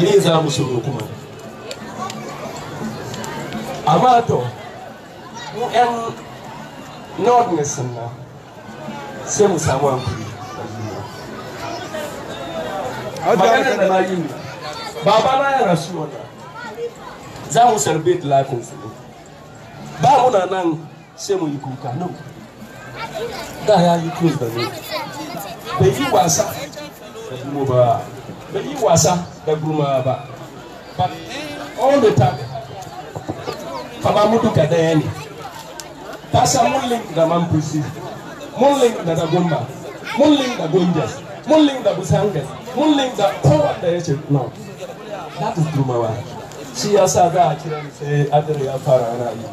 ne za mu su kuma amma to mu 'yan nordness na sai mu samu hankali magana da na yi ne baba na ya rasu wannan za mu celebrate lafin su ba muna nan sai mu yi kuka no da ya yi close da wasa da bɛyi wasa da gurma ba but all the time kaba mutu that's a ne ta man fusi mun link da da gumba mun link da gunjas mun link da busangas mun link da kowa da ya ce no that is gurmawa shi ya sa za a kira ni sai adar ya fara ana yi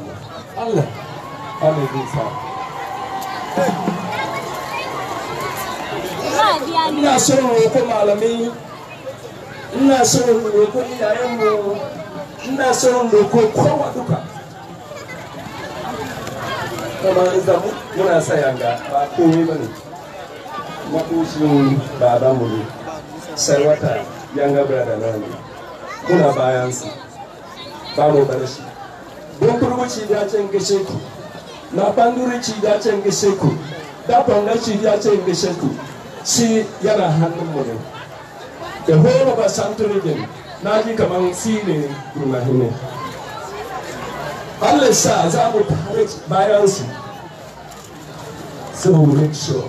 Allah Allah zai sa ina son roƙo malamai ina so in roƙo mu ina so in roƙo kowa duka kamar zamu muna sa yanga ba komai ba ne makoshin baba mu ne sarwata yanga brada na ne muna bayansa ba mu bar shi don furguci ya can gashe ku na bandurici ya can gashe ku da bangaci ya can gashe ku shi yana hannun mu ne da horo ba na ji kamar allah sa za mu tare bayan su so make sure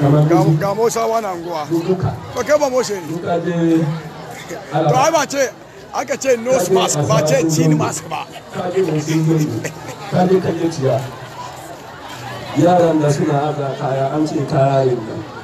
kamar ga mosa wani anguwa ba kai ba moshe ne to ai ba ce aka ce nose mask ba ce chin mask ba kaje kaje ciya yaran da suna haɗa kaya an ce kaya yin nan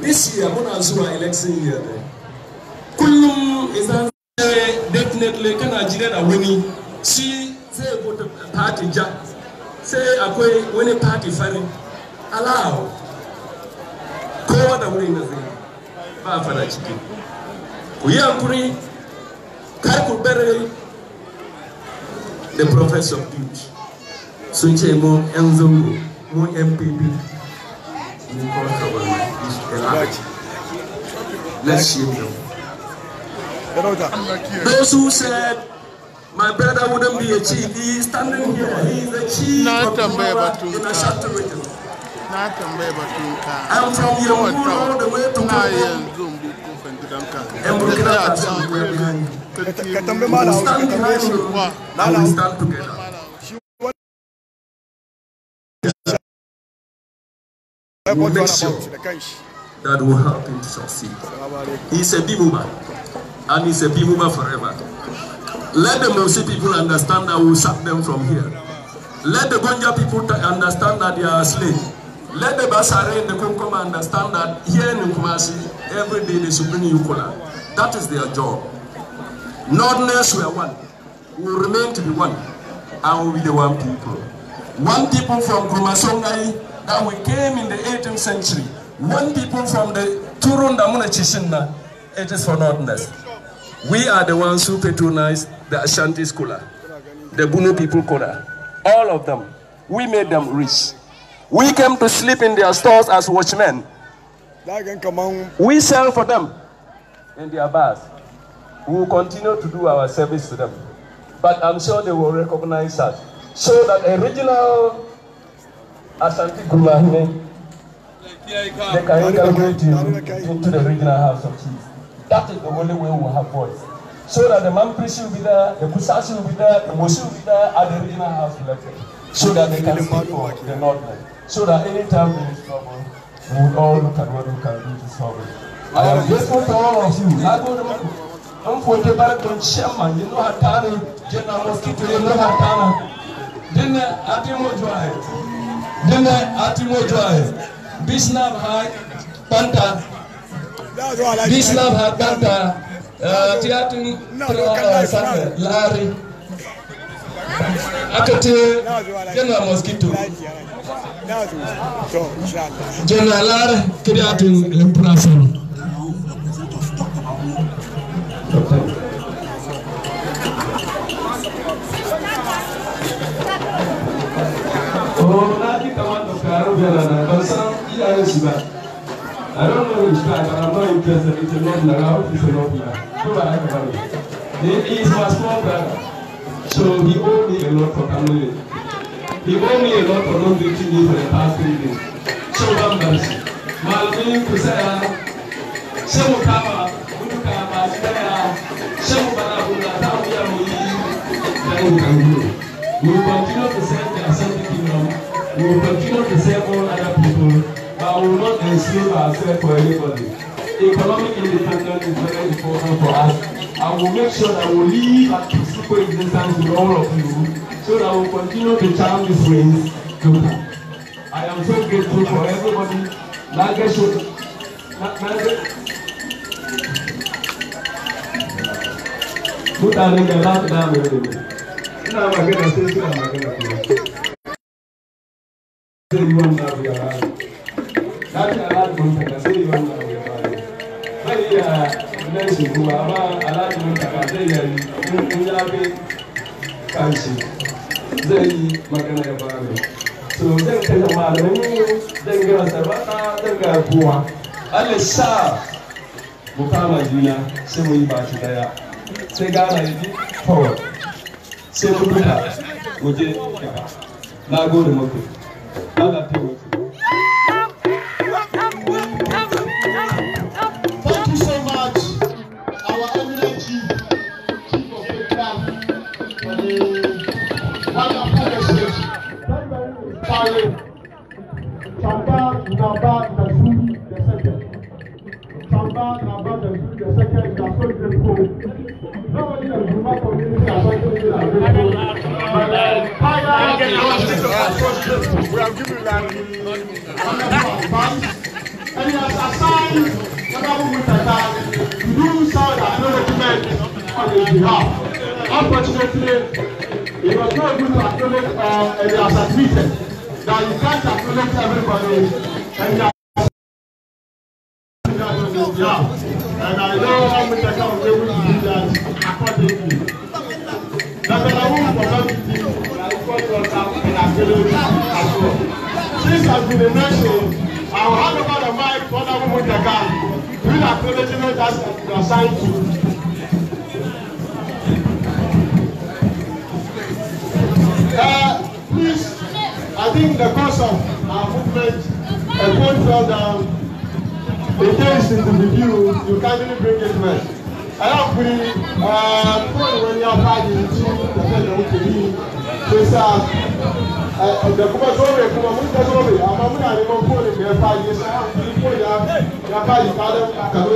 this year muna zuwa election year ne kullum idan definitely kana jira da wani shi zai go party ja sai akwai wani party fari allow kowa da wurin da zai ba fara ciki ku yi hankuri kar ku bari the prophets of youth sun ce mu yan zango mu yan pb ka kawo Bless you. Those who said my brother wouldn't be a chief, he is standing here. He is a chief of Kumara in Ashatu region. I'm from Yamuna all the way to Kumara. And Burkina Faso, we behind you. We stand behind you. we stand together. will make sure that will help him to succeed. He's a big and he's a big forever. Let the Mosi people understand that we'll sack them from here. Let the Gonja people understand that they are slaves. Let the Basare and the Kumkoma understand that here in Kumasi, every day they should bring you That is their job. Northerners are one. We will remain to be one. And we will be the one people. One people from Kumasongai that we came in the 18th century, when people from the Turun Damuna it is for nothingness. We are the ones who patronize the Ashanti scholar, the Bunu people Kola, all of them. We made them rich. We came to sleep in their stores as watchmen. We sell for them in their bars. We will continue to do our service to them. But I'm sure they will recognize us. So that a regional Ashanti Gumahime, the Karenga will deal into the regional house of chiefs. That is the only way we will have voice. So that the Mamprisi will be there, the Kusashi will be there, the Moshi will be there at the regional house level. So that they can speak for the Northland. So that anytime there is trouble, we will all look at what we can do to solve it. I am grateful to all of you. I go to an kote bara don shema ni no hatana jena mosquito to. Then, I dina uh, atimo joy Dine Atimojoy, Bisnav Hak Panta, Bisnav Hak Panta, eh, Tiatu eh, Lari, Akate, Jena Mosquito, Jena Lari, think about Dr. Arabella, but some EIS back. I don't know which back, but I'm not interested. It's a nobler. I hope it's a nobler. Go back, everybody. He is my small brother. So he owed me a lot for coming in. He owed me a lot for not meeting me for the past three days. So one mercy. Malvin Kusaya, Shemu Kama, Uduka, Masaya, Shemu Bana, Uda, Tamuya, Muyi, Tamu Kangu. We will continue to enslave ourselves for everybody. Economic independence is very important for us. I will make sure that we leave a live at peaceful coexistence with all of you so that we we'll continue to charm this race to I am so grateful for everybody. Naga should. Mutanen da za su dama da Ina magana sai suna magana kuma. Zai yi wannan abu ya rana. na fi muntaka sai yi wannan abu ya zai iya muntaka zai yi zai yi magana ya faru so zan kalla malamai zan ga sabata zan ga kowa sa mu juna sai mu yi baki daya sai gana yi sai duka mu je na gode muku Allah Sale, Chamba, Naba, Nazou, the second. Chamba, Naba, Nazou, the second, that's so grateful. Nobody in the Zuma community has ever been as grateful. We have given land. And he has assigned whatever we can to do so that no document on his behalf. Unfortunately, it was not good to acknowledge uh, and they are submitted that you can't calculate everybody and that yeah. And I know how much I can be able to do that accordingly. That I will not be This has been a message. I will hand over the mic to Honorable Mutaka. Do the acknowledgement that you are assigned to. Uh, think the course of our movement, a point fell down. The case is in review. You can't really bring it uh, back. I fóònù wọn ní when you are fighting ìdánwò kò ní ṣe sá ọ̀dẹ̀kùnmọ̀ tó rè the mú tẹ́ tó rè àmọ́ mú nàní mọ́ fóònù mi ẹ̀fà yìí sá fóònù yà yàfà yìí kálẹ̀ kàló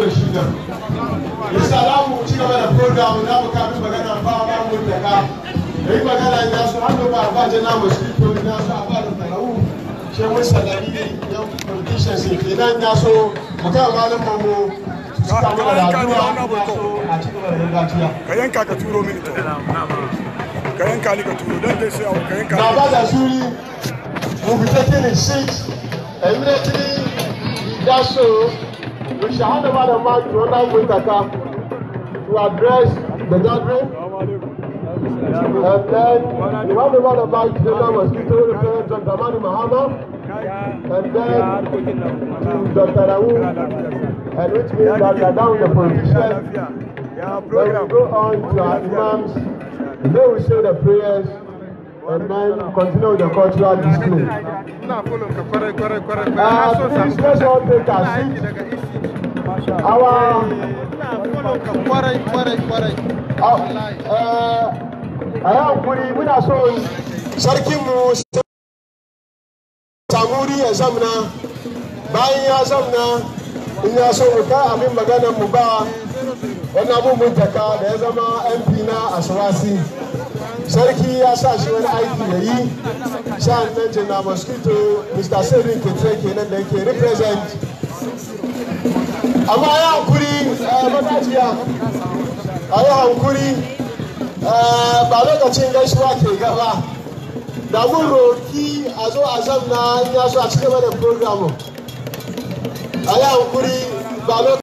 rẹ̀ ṣì masa dalili da condition sai kenan ya so mu to ka yanka immediately we shall hand the mic to Honorable Muitaka to address the gathering. And then we hand over the mic to the mosquito representative Dr. Mani and then to Dr. Raoul, and which means that we are down the politicians. Then we go on to our imams, they will say the prayers, and then continue with the cultural display. Uh, please let's all take our seats. Our uh, uh, I am Kuri, we are so. Sarki Musa. samu wuri ya zamna bayan ya zamna in ya so mu ka abin maganar mu ba wani abubuwan jaka da ya zama mp na asuwasi sarki ya sa shi wani aiki da yi sa'an nan jina mosquito mr sirrin ketre kenan da yake represent amma ya hankuri eh, matajiya a yi hankuri eh, ba lokacin gaisuwa ke gaba da mun roki a zo a zamna ya so a cikin da program a yi hankuri ba